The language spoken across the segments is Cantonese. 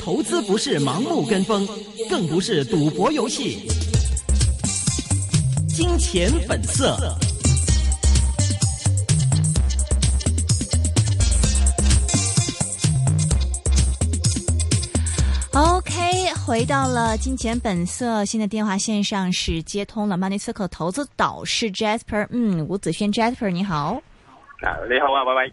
投資不是盲目跟風，更不是賭博遊戲。金錢本色。OK，回到了金錢本色。現在電話線上是接通了曼尼斯克投資導師 Jasper。嗯，吳子軒，Jasper，你好。你好啊，喂喂。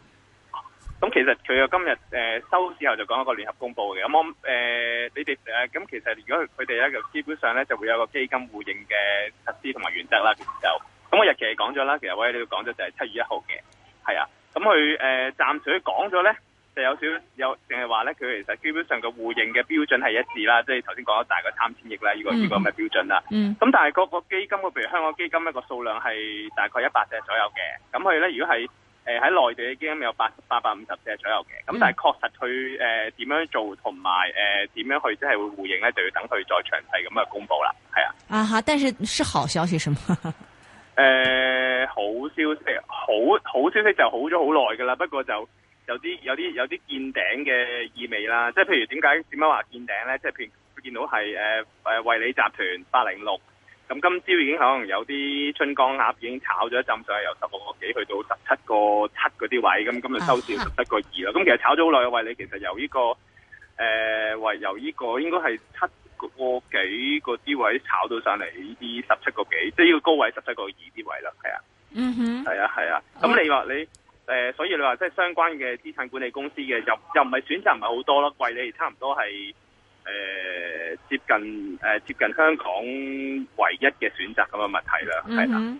咁其實佢又今日誒收市後就講一個聯合公佈嘅，咁我誒你哋誒咁其實如果佢哋咧就基本上咧就會有個基金互認嘅實施同埋原則啦，其實就咁我日期係講咗啦，其實我呢度講咗就係七月一號嘅，係啊，咁佢誒暫時講咗咧就有少有，淨係話咧佢其實基本上個互認嘅標準係一致啦，即係頭先講咗大概三千億啦，呢個呢個咁嘅標準啦。咁、嗯、但係個個基金譬如香港基金呢個數量係大概一百隻左右嘅，咁佢咧如果係。誒喺、呃、內地嘅基金有八八百五十隻左右嘅，咁但係確實佢誒點樣做同埋誒點樣去即係會互認咧，就要等佢再詳細咁啊公佈啦，係啊。啊哈，但是是好消息是嗎？誒、呃，好消息，好好消息就好咗好耐噶啦，不過就有啲有啲有啲見頂嘅意味啦。即係譬如點解點樣話見頂咧？即係譬如見到係誒惠理集團八零六。咁、嗯、今朝已經可能有啲春江鴨已經炒咗一浸，上由十六個幾去到十七個七嗰啲位，咁、嗯、今日收市十七個二咯。咁 其實炒咗好耐嘅位，你其實由呢、呢個誒位、呃，由呢個應該係七個幾個啲位炒到上嚟呢啲十七個幾，即係要高位十七個二啲位啦。係啊、嗯、哼啊，啊，嗯哼，係啊、嗯，係啊。咁你話你、呃、所以你話即係相關嘅資產管理公司嘅，又又唔係選擇唔係好多咯，貴你差唔多係。誒、呃，接近誒、呃，接近香港唯一嘅選擇咁嘅問題啦，係啦、嗯哼。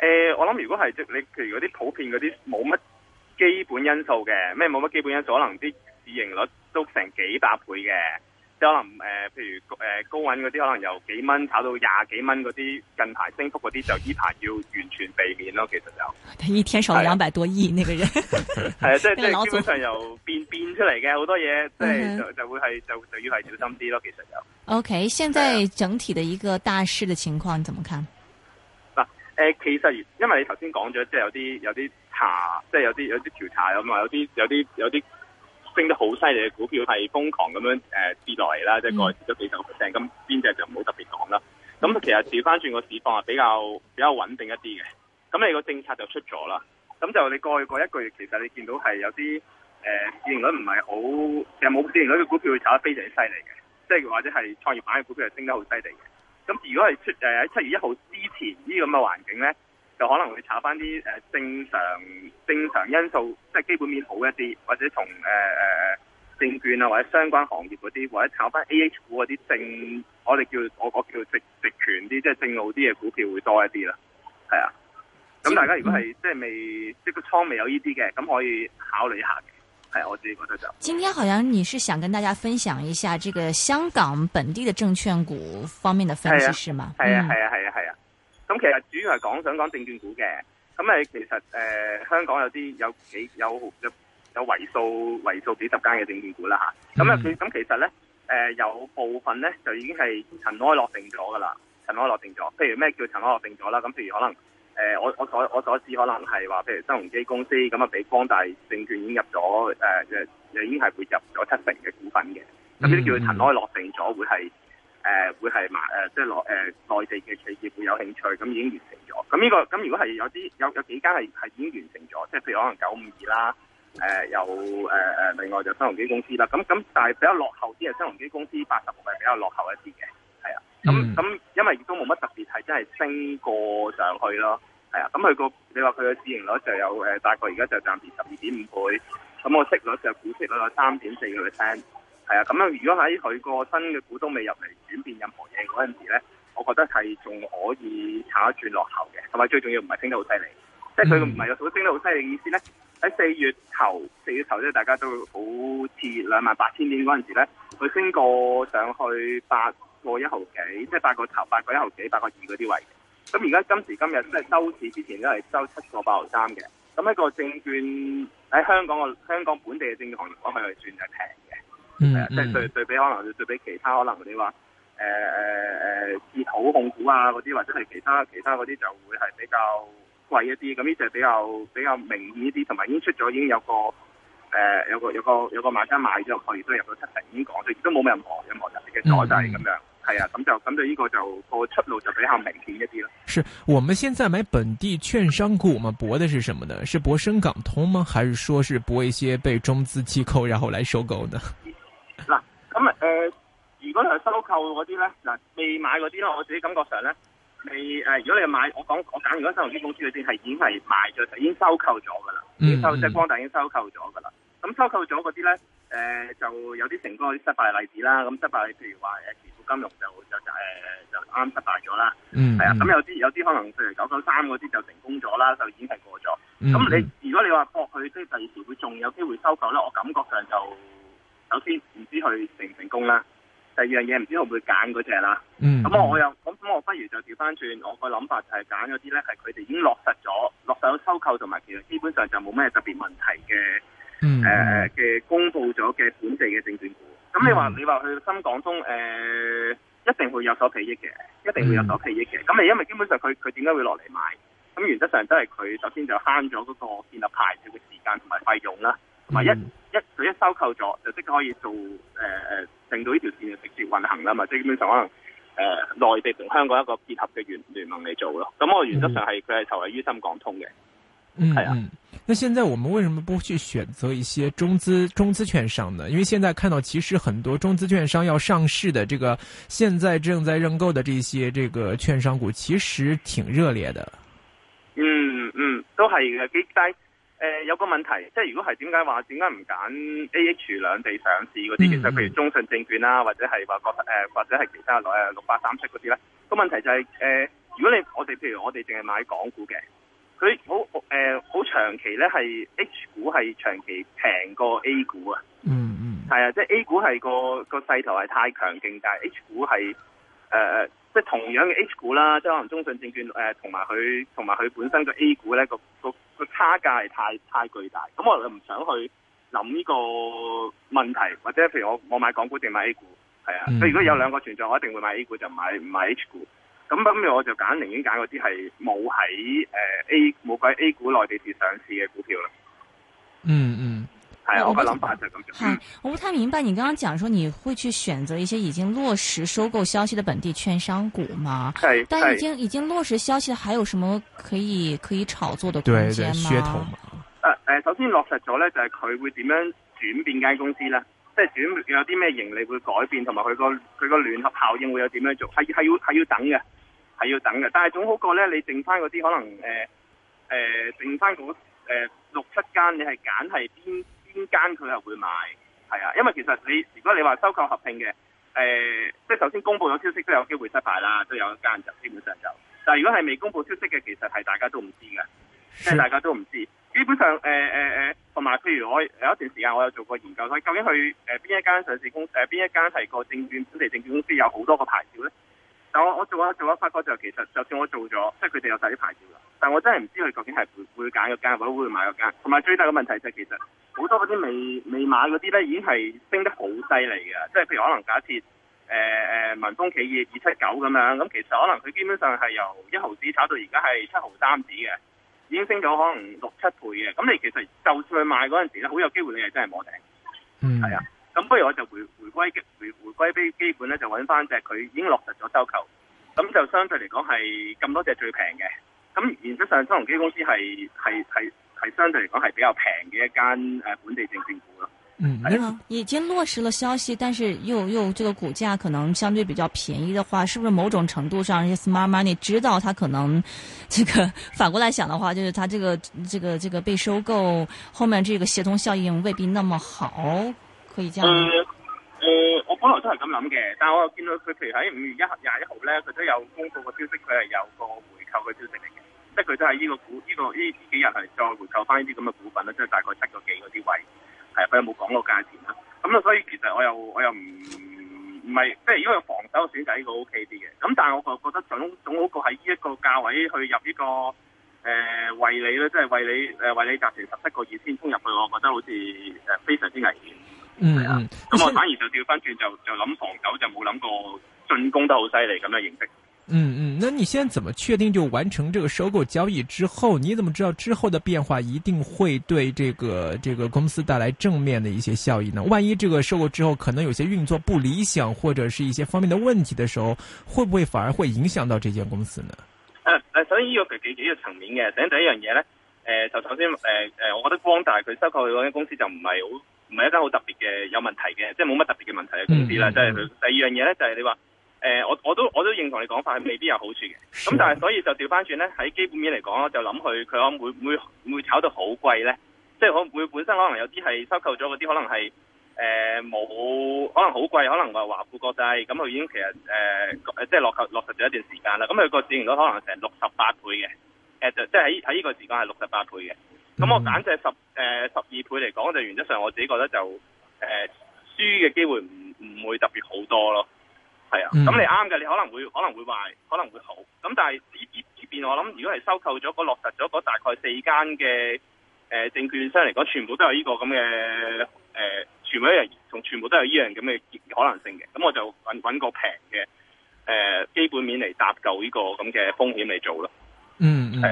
誒、呃，我諗如果係即你，譬如嗰啲普遍嗰啲冇乜基本因素嘅，咩冇乜基本因素，可能啲市盈率都成幾百倍嘅，即可能誒、呃，譬如誒、呃、高穩嗰啲，可能由幾蚊炒到廿幾蚊嗰啲，近排升幅嗰啲就呢排要完全避免咯。其實就一天收兩百多億，啊、那個人係 啊，即、就、係、是就是、基本上又變變出嚟嘅，好多嘢，即係就就會係就就要係小心啲咯。其實就，就，就 OK，、嗯、現在整體嘅一個大市嘅情況，你怎麼看？A.K. 失業，因為你頭先講咗，即係有啲有啲查，即係有啲有啲調查咁話，有啲有啲有啲升得好犀利嘅股票係瘋狂咁樣誒跌落嚟啦，即係過去跌咗幾成，咁邊隻就唔好特別講啦。咁其實調翻轉個市況係比較比較穩定一啲嘅。咁你個政策就出咗啦。咁就你過去過一個月，其實你見到係有啲誒、呃、市盈率唔係好，又冇市盈率嘅股票會炒得非常之犀利嘅，即係或者係創業板嘅股票係升得好犀利嘅。咁如果係出誒喺七月一號之前呢，咁嘅環境咧，就可能會炒翻啲誒正常正常因素，即係基本面好一啲，或者同誒誒證券啊或者相關行業嗰啲，或者炒翻 A H 股嗰啲正，我哋叫我我叫直殖權啲，即係正路啲嘅股票會多一啲啦。係啊，咁大家如果係即係未即係個倉未有呢啲嘅，咁可以考慮一下。係，我自己覺得就。今天好像你是想跟大家分享一下這個香港本地的證券股方面的分析，是嗎？係啊，係啊，係啊，係啊。咁、啊嗯、其實主要係講想講證券股嘅。咁誒，其實誒、呃，香港有啲有幾有有有為數為數幾十間嘅證券股啦吓。咁啊，佢咁其實咧，誒、嗯，有部分咧就已經係塵埃落定咗噶啦，塵埃落定咗。譬如咩叫塵埃落定咗啦？咁譬如可能。誒、呃，我我所我所知可能係話，譬如新鴻基公司咁啊，俾光大證券已經入咗，誒誒誒已經係入咗七成嘅股份嘅，咁呢啲叫佢塵埃落定咗，會係誒、呃、會係麻誒即係內誒內地嘅企業會有興趣，咁已經完成咗。咁呢、這個咁如果係有啲有有幾間係係已經完成咗，即係譬如可能九五二啦，誒有誒誒另外就新鴻基公司啦。咁咁但係比較落後啲係新鴻基公司八十號係比較落後一啲嘅，係啊。咁咁、嗯、因為亦都冇乜特別係真係升過上去咯。係啊，咁佢個你話佢個市盈率就有誒，大概而家就暫時十二點五倍，咁個息率就股息率有三點四個 percent。係啊，咁樣如果喺佢個新嘅股東未入嚟轉變任何嘢嗰陣時咧，我覺得係仲可以炒一轉落後嘅，同埋最重要唔係升得好犀利，即係佢唔係話佢升得好犀利嘅意思咧。喺四月頭，四月頭即係大家都好似兩萬八千點嗰陣時咧，佢升過上去八個一毫幾，即係八個頭，八個一毫幾，八個二嗰啲位置。咁而家今時今日即係收市之前都係收七個八零三嘅，咁、那、一個證券喺香港，個香港本地嘅證券行業講係算係平嘅。嗯、啊，即係對對比可能、嗯、對比其他可能你話誒誒誒好控股啊嗰啲或者係其他其他嗰啲就會係比較貴一啲，咁呢隻比較比較明顯一啲，同埋已經出咗已經有個誒、呃、有個有個有個買家買咗，佢亦都入到七成已經講，所以都冇任何任何特別嘅阻滯咁樣。嗯係啊，咁就咁就呢個就個出路就比較明顯一啲咯。是我們現在買本地券商股，我們搏的是什麼呢？是博深港通嗎？還是說是搏一些被中資機構然後來收購的？嗱，咁、呃、誒，如果你係收購嗰啲咧，嗱，未買嗰啲咧，我自己感覺上咧，未誒、呃，如果你買，我講我揀，如果收購公司裏係已經係賣咗，已經收購咗噶啦。嗯嗯。即係光大已經收購咗噶啦。咁、嗯、收購咗嗰啲咧，誒、呃，就有啲成功、失敗嘅例子啦。咁失敗例子，譬如話誒。呃金融就就誒就啱失敗咗啦，係、嗯、啊，咁有啲有啲可能譬如九九三嗰啲就成功咗啦，就已經係過咗。咁、嗯、你如果你話過去即係第二時，會仲有機會收購咧，我感覺上就首先唔知佢成唔成功啦。第二樣嘢唔知會唔會揀嗰隻啦。咁、嗯、我又咁咁，我不如就調翻轉，我個諗法就係揀嗰啲咧，係佢哋已經落實咗、落實咗收購同埋其實基本上就冇咩特別問題嘅，誒嘅、嗯呃、公布咗嘅本地嘅證券咁你話你話去深港通誒、呃，一定會有所裨益嘅，一定會有所裨益嘅。咁你、嗯、因為基本上佢佢點解會落嚟買？咁原則上都係佢首先就慳咗嗰個建立牌照嘅時間同埋費用啦，同埋一一佢一收購咗就即刻可以做誒誒、呃，令到呢條線就直接運行啦嘛。即係基本上可能誒、呃，內地同香港一個結合嘅聯聯盟嚟做咯。咁我原則上係佢係投位於深港通嘅，係啊。那現在我們為什麼不去選擇一些中資中資券商呢？因為現在看到其實很多中資券商要上市的，這個現在正在認購的這些這個券商股其實挺熱烈的。嗯嗯，都係幾低。誒、呃、有個問題，即係如果係點解話，點解唔揀 A H 兩地上市嗰啲？嗯、其實譬如中信證券啦、啊，或者係話國誒或者係其他類六八三七嗰啲咧。個問題就係、是、誒、呃，如果你我哋譬如我哋淨係買港股嘅。佢好，誒好、呃、長期咧，係 H 股係長期平過 A 股啊。嗯嗯、mm，係、hmm. 啊，即係 A 股係個個勢頭係太強勁，但係 H 股係誒誒，即係同樣嘅 H 股啦，即係可能中信證券誒，同埋佢同埋佢本身個 A 股咧個個個差價係太太巨大。咁我又唔想去諗呢個問題，或者譬如我我買港股定買 A 股係啊。所以、mm hmm. 如果有兩個存在，我一定會買 A 股，就買唔買 H 股。咁咁、嗯嗯嗯，我就揀，寧願揀嗰啲係冇喺 A 冇喺 A 股內地市上市嘅股票啦。嗯嗯，係啊，我嘅諗法就係咁。係，我唔太明白你剛剛講說，你會去選擇一些已經落實收購消息嘅本地券商股嘛？係，但已經已經落實消息，還有什麼可以可以炒作的空間嗎？誒誒，對削頭嘛，首先落實咗咧，就係佢會點樣轉變間公司咧？即係轉有啲咩盈利會改變，同埋佢個佢個聯合效應會有點樣做？要係要等嘅。係要等嘅，但係總好過咧，你剩翻嗰啲可能誒誒、呃、剩翻嗰、呃、六七間，你係揀係邊邊間佢又會買，係啊，因為其實你如果你話收購合併嘅誒、呃，即係首先公佈咗消息都有機會失敗啦，都有一間就基本上就，但係如果係未公佈消息嘅，其實係大家都唔知嘅，即係大家都唔知。基本上誒誒誒，同埋譬如我有一段時間我有做過研究，所以究竟去誒邊一間上市公司誒邊一間係個證券本地證券公司有好多個牌照咧？但我我做吓做吓發覺就其實就算我做咗，即係佢哋有曬啲牌照啦。但我真係唔知佢究竟係會會揀嗰間，或者會買嗰間。同埋最大嘅問題就係其實好多嗰啲未未買嗰啲咧，已經係升得好犀利嘅。即係譬如可能假設誒誒、呃、民豐企業二七九咁樣，咁其實可能佢基本上係由一毫子炒到而家係七毫三子嘅，已經升咗可能六七倍嘅。咁你其實就算去買嗰陣時咧，好有機會你係真係摸頂。嗯。係啊。咁不如我就回歸回歸回回歸基基本咧，就揾翻隻佢已經落實咗收購，咁就相對嚟講係咁多隻最平嘅。咁原則上新鴻基公司係係係係相對嚟講係比較平嘅一間誒本地證券股咯、嗯是嗯。嗯，已經落實了消息，但是又又這個股價可能相對比較便宜的話，是不是某種程度上，人家 Smart Money 知道它可能這個反過來想的話，就是它這個這個這個被收購後面這個協同效應未必那麼好。誒誒、呃呃，我本來都係咁諗嘅，但係我又見到佢譬如喺五月一廿一號咧，佢都有公布個消息，佢係有個回購嘅消息嚟嘅，即係佢都係呢個股呢、這個呢、這個、幾日係再回購翻呢啲咁嘅股份啦，即、就、係、是、大概七個幾嗰啲位係，佢有冇講個價錢咧？咁啊，所以其實我又我又唔唔係，即係、就是、因為防守選擇呢個 O K 啲嘅，咁但係我覺覺得總總好過喺呢一個價位去入呢個誒、呃、為你咧，即、就、係、是、為你誒為你集成十七個二先沖入去，我覺得好似誒非常之危險。啊、嗯，嗯、啊，咁我反而就調翻轉，就就諗防守，就冇諗過進攻得好犀利咁嘅形式。嗯嗯，那你先怎麼確定就完成這個收購交易之後，你怎麼知道之後的變化一定會對這個這個公司帶來正面的一些效益呢？萬一這個收購之後可能有些運作不理想或者是一些方面的問題的時候，會不會反而會影響到這間公司呢？誒誒、啊，首先呢個幾幾幾樣層面嘅。第一第一樣嘢咧，誒、呃，就頭先誒誒、呃，我覺得光大佢收購嗰間公司就唔係好。唔係一間好特別嘅有問題嘅，即係冇乜特別嘅問題嘅公司啦。即係、嗯嗯嗯、第二樣嘢咧，就係、是、你話誒、呃，我我都我都認同你講法，係未必有好處嘅。咁、嗯、但係所以就調翻轉咧，喺基本面嚟講就諗佢佢可會會會，會，會炒到好貴咧？即係可會本身可能有啲係收購咗嗰啲，可能係誒冇可能好貴，可能話華富國際咁，佢、嗯、已經其實誒、呃、即係落落實咗一段時間啦。咁佢個市盈率可能成六十八倍嘅，誒、呃、就即係喺喺呢個時間係六十八倍嘅。咁我簡直十誒、呃、十二倍嚟講，就原則上我自己覺得就誒、呃、輸嘅機會唔唔會特別好多咯，係啊。咁、嗯、你啱嘅，你可能會可能會壞，可能會好。咁但係業業業變我，我諗如果係收購咗、個落實咗嗰大概四間嘅誒證券商嚟講，全部都有呢個咁嘅誒，全部一樣同全部都有呢、呢個、樣咁嘅可能性嘅。咁我就揾揾個平嘅誒基本面嚟搭救呢個咁嘅風險嚟做咯。嗯，嗯、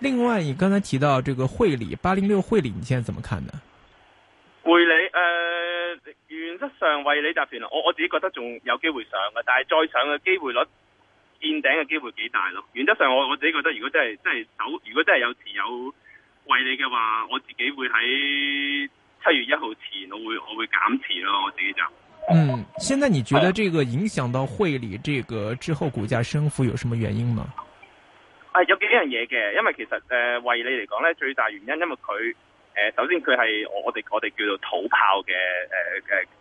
另外，你剛才提到這個匯理八零六匯理，你現在怎麼看呢？匯理誒、呃，原則上匯理集團，我我自己覺得仲有機會上嘅，但係再上嘅機會率見頂嘅機會幾大咯。原則上我我自己覺得如，如果真係真係走，如果真係有持有匯理嘅話，我自己會喺七月一號前我，我會我會減持咯。我自己就嗯，現在你覺得這個影響到匯理這個之後股價升幅有什麼原因呢？係 有幾樣嘢嘅，因為其實誒、呃、為你嚟講咧，最大原因因為佢誒、呃、首先佢係我哋我哋叫做土炮嘅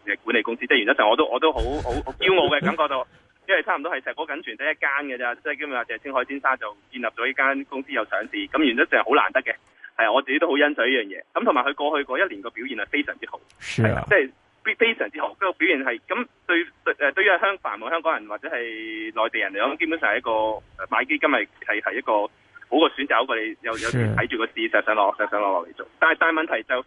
誒誒管理公司，即係原則上我，我都我都好好驕傲嘅感覺到，因為差唔多係石個緊存得一間嘅咋，即係基本上就青海先生就建立咗呢間公司有上市，咁原則上係好難得嘅，係我自己都好欣賞呢樣嘢。咁同埋佢過去嗰一年個表現係非常之好，係即係。 非常之好，個表現係咁對，對、誒，對於香繁華香港人或者係內地人嚟講，基本上係一個買基金係係係一個好嘅選擇。不過你又有時睇住個市實上落實上落落嚟做，但係大問題就誒、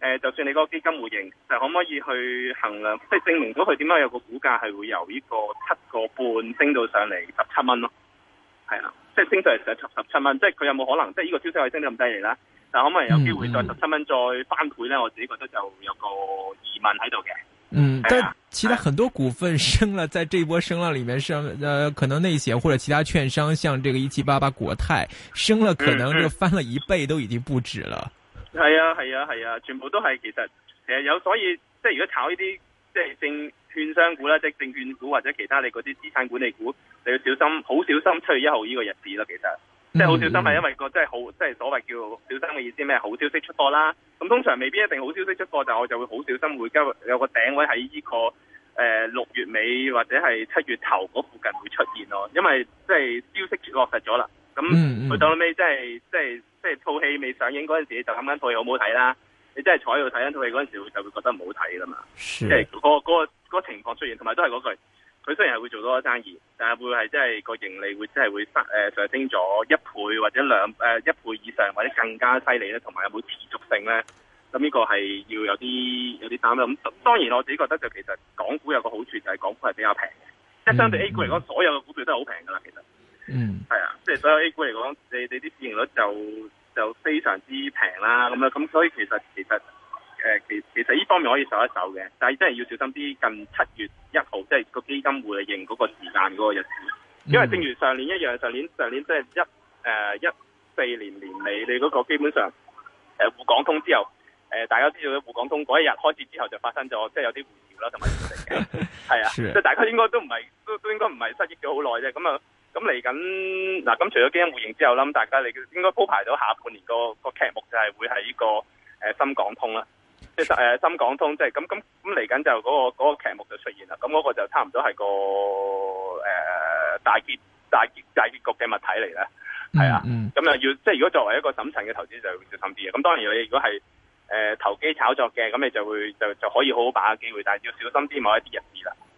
呃，就算你嗰個基金互認，就可唔可以去衡量，即係證明到佢點解有個股價係會由呢個七個半升到上嚟十七蚊咯？係啊，即係升上嚟成十七蚊，即係佢有冇可能即係呢個消息可以升到咁低嚟啦。但可唔可以有機會再十七蚊再翻倍咧？嗯、我自己覺得就有個疑問喺度嘅。嗯，啊、但其他很多股份升啦，在這一波升浪裏面升，呃、啊，嗯、可能內險或者其他券商，像這個一七八八國泰升了可能就翻了一倍都已經不止了。係、嗯嗯、啊係啊係啊，啊，全部都係其實其實有所以即係如果炒呢啲即係證券商股啦，即係證券股或者其他你嗰啲資產管理股，你要小心，好小心七月一號呢個日子啦，其實。 即係好小心啊！因為、那個即係、就是、好即係、就是、所謂叫小心嘅意思咩？好消息出貨啦，咁通常未必一定好消息出貨，但我就會好小心，會有個頂位喺呢個誒、呃、六月尾或者係七月頭嗰附近會出現咯。因為即係、就是、消息落實咗啦，咁佢 到尾即係即係即係套戲未上映嗰陣時你就諗緊套戲好唔好睇啦。你真係坐喺度睇緊套戲嗰陣時，就會覺得唔好睇啦嘛。即係嗰個嗰嗰、那個那個情況出現，同埋都係嗰句。佢雖然係會做多啲生意，但係會係即係個盈利會即係、即係、會、呃、上升咗一倍或者兩、呃、一倍以上或者更加犀利咧，同埋有冇持續性咧？咁呢個係要有啲有啲擔啦。咁當然我自己覺得就其實港股有個好處就係港股係比較平嘅，即係相對 A 股嚟講，嗯、所有嘅股票都係好平㗎啦。其實，嗯，係啊，即係所有 A 股嚟講，你哋啲市盈率就就非常之平啦。咁樣咁所以其實其實。誒，其其實呢方面可以守一守嘅，但係真係要小心啲。近七月一號，即係個基金互認嗰個時間嗰個日子，因為正如上年一樣，上年上年即係一誒、呃、一四年年尾，你嗰個基本上誒滬港通之後，誒、呃、大家知道咧，滬港通嗰一日開始之後就發生咗，即、就、係、是、有啲回調啦同埋係啊，即係、啊大、啊、大家應該都唔係都都應該唔係失憶咗好耐啫。咁啊，咁嚟緊嗱，咁除咗基金互認之後啦，咁大家你應該鋪排到下半年的、那個個劇目就係會喺、這個誒、呃、深港通啦。即係誒，深港通即係咁咁咁嚟緊就嗰個嗰個劇目就出現啦，咁、那、嗰個就差唔多係個誒、呃、大結大結大結局嘅物體嚟啦，係啊、嗯，咁又要即係如果作為一個審慎嘅投資就就小心啲嘅，咁當然如果你如果係誒、呃、投機炒作嘅，咁你就會就就可以好好把握機會，但係要小心啲某一啲日子啦。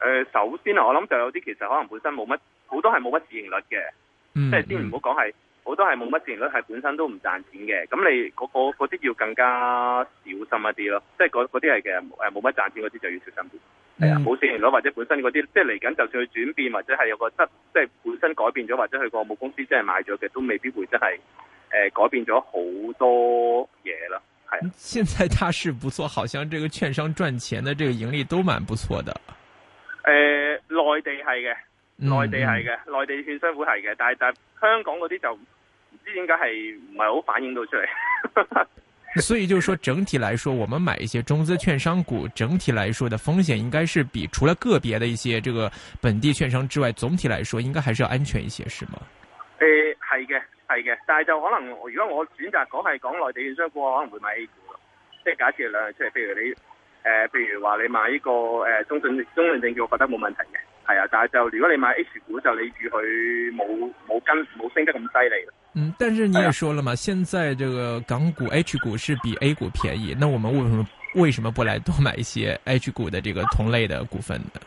誒，首先啊，我諗就有啲其實可能本身冇乜，好多係冇乜市盈率嘅，嗯、即係先唔好講係好多係冇乜市盈率，係本身都唔賺錢嘅。咁你嗰啲要更加小心一啲咯，即係嗰啲係嘅，誒冇乜賺錢嗰啲就要小心啲。係啊、嗯，冇市盈率或者本身嗰啲，即係嚟緊就算佢轉變或者係有個質，即係本身改變咗或者佢個母公司即係買咗嘅，都未必會真係誒、呃、改變咗好多嘢咯。係，現在大市不錯，好像這個券商賺錢的這個盈利都蠻不錯的。誒、呃，內地係嘅，內地係嘅，嗯、內地券商股係嘅，但係但香港嗰啲就唔知點解係唔係好反映到出嚟。所以就是說，整體來說， 我們買一些中資券商股，整體來說的風險應該是比除了個別的一些這個本地券商之外，總體來說應該還是要安全一些，是嗎？誒、呃，係嘅，係嘅，但係就可能如果我選擇講係講內地券商股，我可能會買 A 股咯，即係假設兩樣出嚟，譬如你。誒，譬、呃、如話你買呢個誒、呃、中證中證證券，我覺得冇問題嘅，係啊。但係就如果你買 H 股，就你預佢冇冇跟冇升得咁犀利。嗯，但是你也說了嘛，是啊、現在這個港股 H 股是比 A 股便宜，那我們為什麼為什麼不來多買一些 H 股的這個同類的股份呢？誒、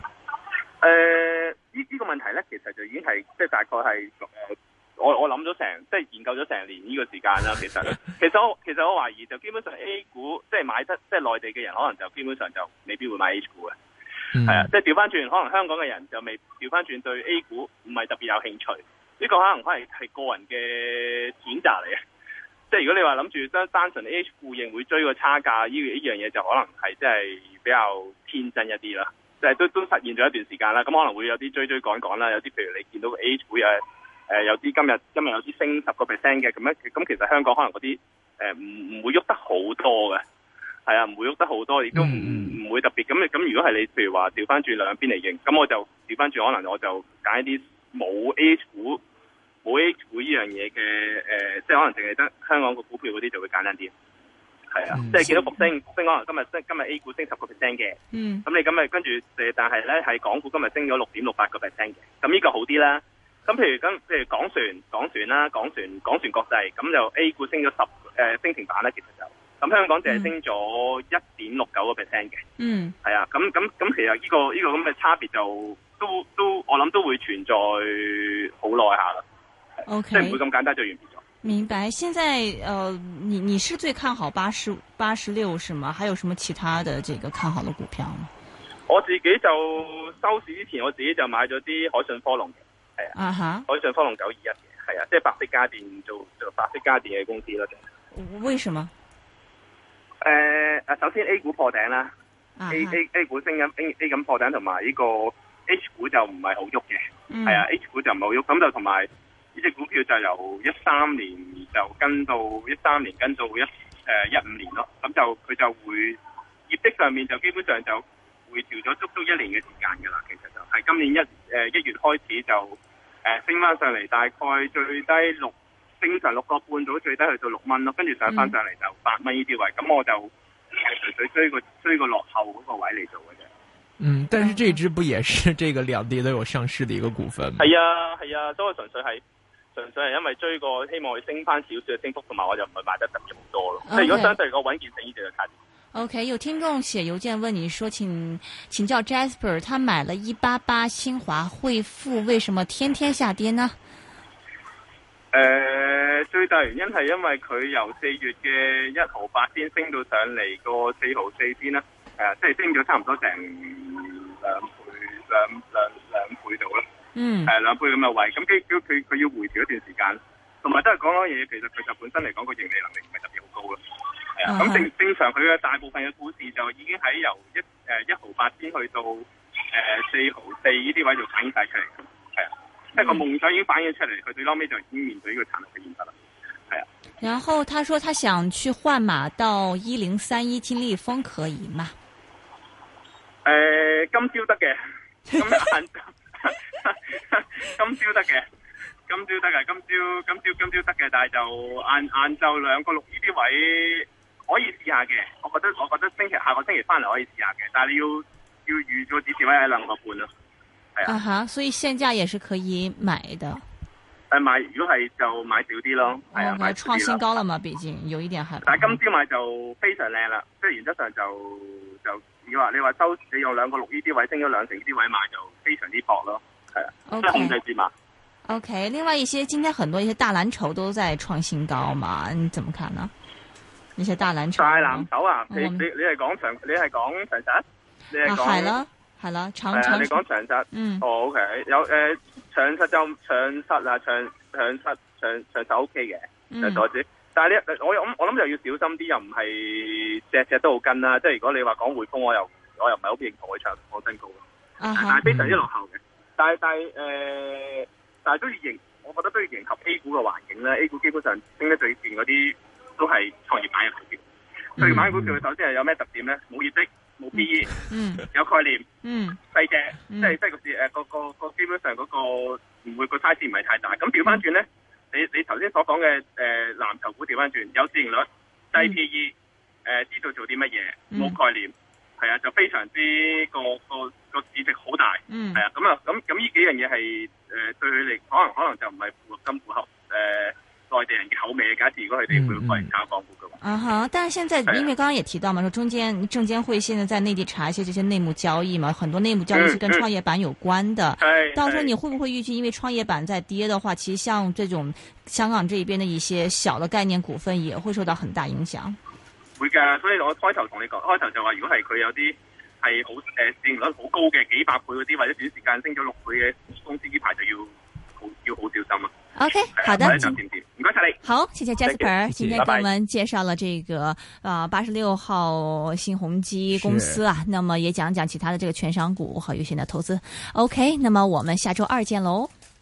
呃，呢、這、呢個問題呢，其實就已經係即係大概係。呃我我諗咗成，即係研究咗成年呢個時間啦。其實，其實我其實我懷疑就基本上 A 股即係買得，即係內地嘅人可能就基本上就未必會買 H 股嘅。係啊、嗯，即係調翻轉，可能香港嘅人就未調翻轉對 A 股唔係特別有興趣。呢、呢個可能可能係個人嘅選擇嚟嘅。即係如果你話諗住單單純 H 股認會追個差價，呢依樣嘢就可能係即係比較天真一啲啦。就係、係、都都實現咗一段時間啦。咁可能會有啲追追趕趕啦。有啲譬如你見到 H 股啊～誒、呃，有啲今日今日有啲升十個 percent 嘅，咁咧，咁其實香港可能嗰啲誒，唔唔會喐得好多嘅，係啊，唔會喐得好多，亦都唔唔會特別。咁咁如果係你，譬如話調翻轉兩邊嚟認，咁我就調翻轉，可能我就揀一啲冇 A 股冇 A 股呢樣嘢嘅，誒、呃，即係可能淨係得香港個股票嗰啲就會簡單啲。係啊，嗯、即係見到幅升升，星可能今日今日 A 股升十個 percent 嘅，咁、嗯、你咁咪跟住，但係咧，係港股今日升咗六點六八個 percent 嘅，咁呢個好啲啦。咁譬如咁譬如港船港船啦，港船港船，港船國際咁就 A 股升咗十誒升停板咧，其實就咁香港淨係升咗一點六九個 percent 嘅。嗯，係啊，咁咁咁其實呢、這個呢、這個咁嘅差別就都都我諗都會存在好耐下啦。O K。Okay 即係唔會咁簡單就完結咗。明白，現在誒、呃，你你是最看好八十八十六是嗎？還有什麼其他的這個看好的股票？我自己就收市之前，我自己就買咗啲海信科龍。係啊，海上、uh huh. 科龍九二一嘅，係啊，即、就、係、是、白色家電做做白色家電嘅公司咯。為什麼？誒、啊，首先 A 股破頂啦，A、uh huh. A A 股升音 a A 咁破頂，同埋呢個 H 股就唔係好喐嘅，係、mm hmm. 啊，H 股就唔係好喐，咁就同埋呢隻股票就由一三年就跟到一三年跟到一誒一五年咯，咁就佢就會業績上面就基本上就。會調咗足足一年嘅時間噶啦，其實就係今年一誒一、呃、月開始就誒、呃、升翻上嚟，大概最低六升成六個半到最低去到六蚊咯，跟住上翻上嚟就八蚊呢啲位，咁、嗯、我就純粹、呃、追個追個落後嗰個位嚟做嘅啫。嗯，但是這支不也是這個兩地都有上市的一個股份？係啊係啊，都係、啊、純粹係純粹係因為追個希望佢升翻少少嘅升幅，同埋我就唔會買得特別好多咯。即係、哎、呀如果相對嚟講穩健性呢，就 OK，有聽眾寫郵件問你說，請請教 Jasper，他買了一八八新華匯富，為什麼天天下跌呢？誒、呃，最大原因係因為佢由四月嘅一毫八先升到上嚟個四毫四先啦，誒、呃，即係升咗差唔多成兩倍兩兩兩倍度啦，嗯，係、呃、兩倍咁嘅位，咁佢佢佢要回調一段時間，同埋都係講緊嘢，其實佢就本身嚟講個盈利能力唔係特別好高咯。咁、啊、正正常佢嘅大部分嘅股市就已經喺由一誒、呃、一毫八先去到誒、呃、四毫四呢啲位就反映晒出嚟，係啊，即係、嗯、個夢想已經反映出嚟，佢最嬲尾就已經面對呢個殘酷嘅現實啦，係啊。然後他說他想去換馬到一零三一金利豐可以嗎？誒、呃，今朝得嘅，今朝 得嘅，今朝得嘅，今朝今朝今朝得嘅，但係就晏晏晝兩個六呢啲位。可以試下嘅，我覺得我覺得星期下個星期翻嚟可以試下嘅，但係你要要預咗指示位喺兩個半咯，係啊。啊哈、uh，huh, 所以現價也是可以買嘅。誒買，如果係就買少啲咯，係啊 Okay,。創新高啦嘛，畢竟有一點係。但係今朝買就非常靚啦，即係、嗯、原則上就就你話你話收你有兩個六呢啲位升咗兩成呢啲位買就非常之薄咯，係啊，即係 Okay, 控制注碼。O、okay, K，另外一些今天很多一些大藍籌都在創新高嘛，的你怎麼看呢？你係大籃手啊？你、嗯、你你係講長你係講長實，你係講係咯係咯你講長實，嗯，哦，OK，有誒長實就長實啊，長長實、啊、長、嗯哦 okay 呃、長實 O K 嘅，係台資。但係你我我我諗就要小心啲，又唔係只只都好跟啦。即係如果你話講匯豐，我又我又唔係好認同佢長，創新高但係非常之落後嘅、嗯。但係但係誒，但係都要認，我覺得都要迎合 A 股嘅環境咧。A 股基本上升得最勁嗰啲。都係創業板嘅股票。創業板嘅股票佢首先係有咩特點咧？冇業績，冇 P E，有概念，細嘅，即係即係個市誒個個基本上嗰個唔會、個 size 唔係太大。咁調翻轉咧，你你頭先所講嘅誒藍籌股調翻轉有市盈率低 P E，誒知道做啲乜嘢，冇概念，係、嗯、啊，就非常之個個個市值好大，係、嗯、啊，咁啊，咁咁呢幾樣嘢係誒對佢哋可能可能就唔係符合金符合。如果佢哋會換其他港嘅話，嗯嗯啊好！但是現在因為剛剛也提到嘛，說的中間證監會現在在內地查一些這些內幕交易嘛，很多內幕交易是跟創業板有關的。的的到時候你會不會預計，因為創業板在跌的話，其實像這種香港這一邊的一些小的概念股份也會受到很大影響？會噶，所以我開頭同你講，開頭就話如果係佢有啲係好誒市盈率好高嘅幾百倍嗰啲，或者短時間升咗六倍嘅公司，呢排就要，要好要好小心啊！OK，好的，嗯、請好，謝謝 Jasper，今天給我們介紹了這個啊八十六號新鴻基公司啊，是那麼也講講其他的這個券商股和優先的投資。OK，那麼我們下周二見嘍。